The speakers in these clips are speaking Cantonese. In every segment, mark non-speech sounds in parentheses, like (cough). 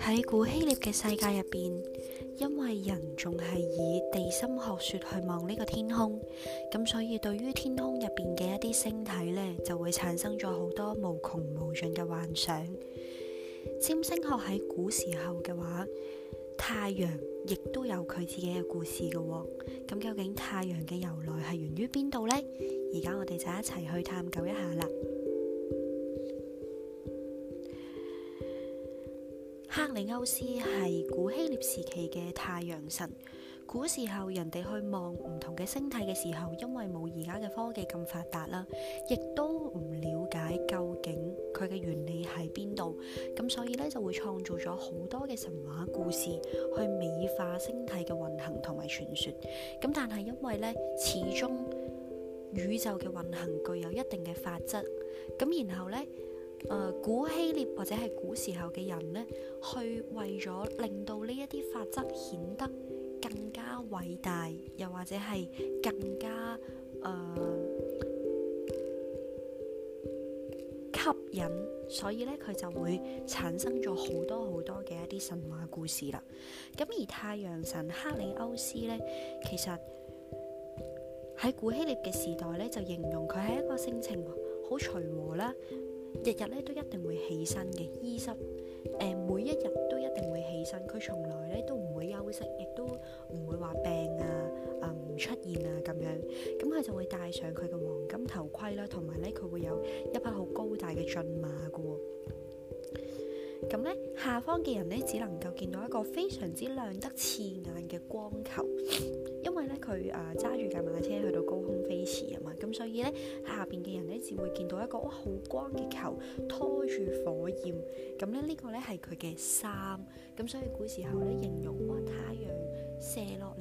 喺古希臘嘅世界入邊，因為人仲係以地心學說去望呢個天空，咁所以對於天空入邊嘅一啲星體呢，就會產生咗好多無窮無盡嘅幻想。占星學喺古時候嘅話。太陽亦都有佢自己嘅故事嘅、哦，咁究竟太陽嘅由來係源於邊度呢？而家我哋就一齊去探究一下啦。 (music) 赫里歐斯係古希臘時期嘅太陽神。古時候人哋去望唔同嘅星體嘅時候，因為冇而家嘅科技咁發達啦，亦都唔了。佢嘅原理喺邊度？咁所以咧就會創造咗好多嘅神話故事，去美化星體嘅運行同埋傳說。咁但係因為咧，始終宇宙嘅運行具有一定嘅法則。咁然後咧，誒、呃、古希臘或者係古時候嘅人呢，去為咗令到呢一啲法則顯得更加偉大，又或者係更加誒，呃吸引，所以咧佢就會產生咗好多好多嘅一啲神話故事啦。咁而太陽神赫里歐斯咧，其實喺古希臘嘅時代咧就形容佢係一個性情好隨和啦，日日咧都一定會起身嘅，醫生，誒每一日都一定會起身，佢從來咧都唔會休息，亦都唔會話病啊。出現啊，咁樣，咁佢就會戴上佢嘅黃金頭盔啦，同埋咧佢會有一匹好高大嘅駿馬噶喎。咁呢，下方嘅人呢，只能夠見到一個非常之亮得刺眼嘅光球，因為呢，佢誒揸住架馬車去到高空飛馳啊嘛，咁所以呢，下邊嘅人呢，只會見到一個哇好光嘅球拖住火焰，咁呢，呢個呢，係佢嘅衫，咁所以古時候呢，形容哇太陽射落。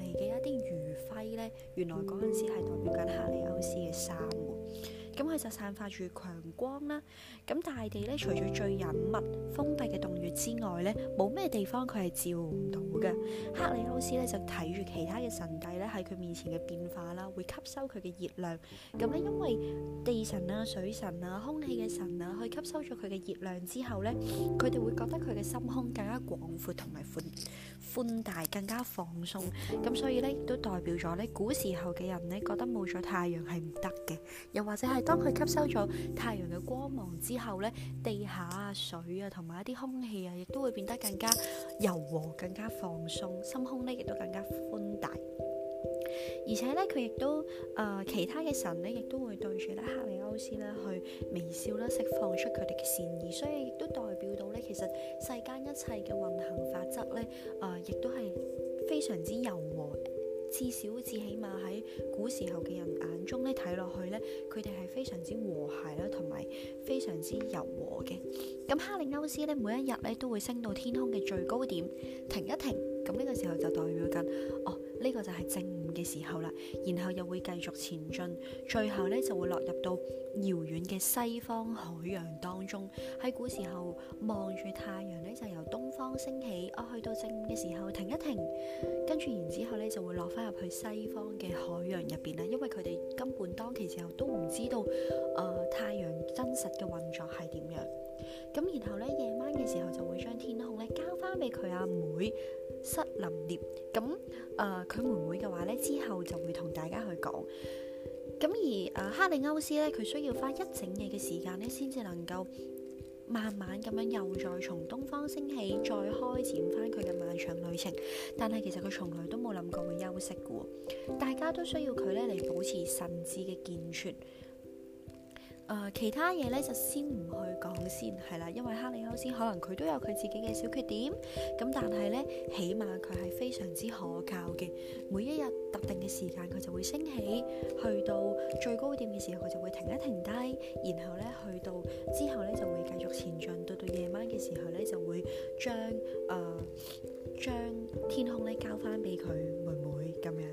咧，原來嗰陣時係代表緊赫里歐斯嘅山喎。咁佢就散發住強光啦。咁大地咧，除咗最隱密封閉嘅洞穴之外咧，冇咩地方佢係照唔到嘅。赫里歐斯咧就睇住其他嘅神帝咧喺佢面前嘅變化啦，會吸收佢嘅熱量。咁咧，因為地神啊、水神啊、空氣嘅神啊，去吸收咗佢嘅熱量之後咧，佢哋會覺得佢嘅心胸更加廣闊同埋寬寬大，更加放鬆。咁所以咧，亦都代表咗咧，古時候嘅人咧，覺得冇咗太陽係唔得嘅，又或者係。當佢吸收咗太陽嘅光芒之後咧，地下啊、水啊，同埋一啲空氣啊，亦都會變得更加柔和、更加放鬆，心胸咧亦都更加寬大。而且咧，佢亦都誒、呃，其他嘅神咧，亦都會對住咧赫里歐斯咧去微笑啦，釋放出佢哋嘅善意，所以亦都代表到咧，其實世間一切嘅運行法則咧，誒、呃，亦都係非常之柔和。至少至起碼喺古時候嘅人眼中咧睇落去咧，佢哋係非常之和諧啦，同埋非常之柔和嘅。咁赫里歐斯咧，每一日咧都會升到天空嘅最高點，停一停。咁呢個時候就代表緊，哦。呢個就係正午嘅時候啦，然後又會繼續前進，最後呢，就會落入到遙遠嘅西方海洋當中。喺古時候望住太陽呢，就由東方升起，我去到正午嘅時候停一停，跟住然之後呢，就會落翻入去西方嘅海洋入邊啦。因為佢哋根本當其時候都唔知道、呃、太陽真實嘅運作係點樣。咁然後呢，夜晚嘅時候就會將天空咧交翻俾佢阿妹。失林獵咁，誒佢、呃、妹妹嘅話呢，之後就會同大家去講。咁而誒赫里歐斯呢，佢需要花一整夜嘅時間呢，先至能夠慢慢咁樣又再從東方升起，再開展翻佢嘅漫長旅程。但係其實佢從來都冇諗過會休息嘅喎，大家都需要佢呢嚟保持神智嘅健全。呃、其他嘢咧就先唔去講先，係啦，因為赫里歐斯可能佢都有佢自己嘅小缺點，咁但係咧，起碼佢係非常之可靠嘅。每一日特定嘅時間佢就會升起，去到最高點嘅時候，佢就會停一停低，然後咧去到之後咧就會繼續前進，到到夜晚嘅時候咧就會將誒將、呃、天空咧交翻俾佢妹妹咁樣。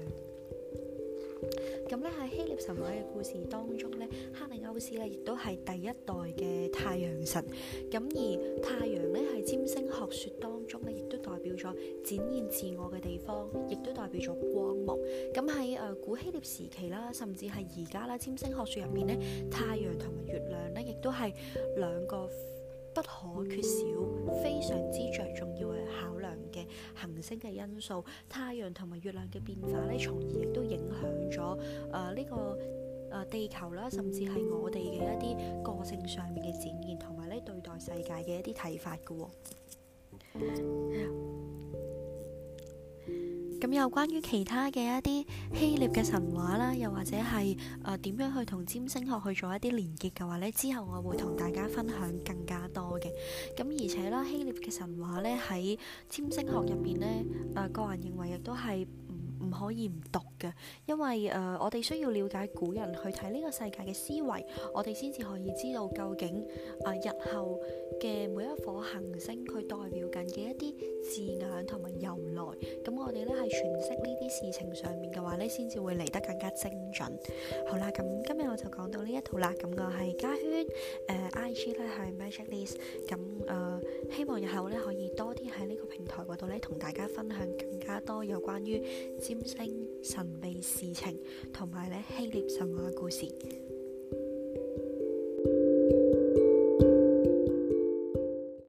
喺希臘神話嘅故事當中咧，赫里歐斯咧亦都係第一代嘅太陽神。咁而太陽咧係占星學説當中咧，亦都代表咗展現自我嘅地方，亦都代表咗光芒。咁喺誒古希臘時期啦，甚至係而家啦，占星學説入面咧，太陽同埋月亮咧，亦都係兩個，不可缺少、非常之着重要嘅考量嘅行星嘅因素，太陽同埋月亮嘅變化咧，從而亦都影響咗誒呢個誒、呃、地球啦，甚至係我哋嘅一啲個性上面嘅展現，同埋呢對待世界嘅一啲睇法嘅喎、哦。 (laughs) 咁有關於其他嘅一啲希臘嘅神話啦，又或者係誒點樣去同占星學去做一啲連結嘅話呢，之後我會同大家分享更加多嘅。咁而且啦，希臘嘅神話呢，喺占星學入邊呢，誒、呃、個人認為亦都係嗯。唔可以唔讀嘅，因為誒、呃，我哋需要了解古人去睇呢個世界嘅思維，我哋先至可以知道究竟啊、呃、日後嘅每一顆行星佢代表緊嘅一啲字眼同埋由來。咁我哋咧係詮釋呢啲事情上面嘅話呢先至會嚟得更加精準。好啦，咁今日我就講到、呃 IG、呢一套啦。咁我係嘉軒，IG 咧係 Magicklis 咁、呃、希望日後呢可以多啲喺呢個平台嗰度呢同大家分享更加多有關於占星神秘事情，同埋咧希臘神話故事。 (noise) (noise) (noise)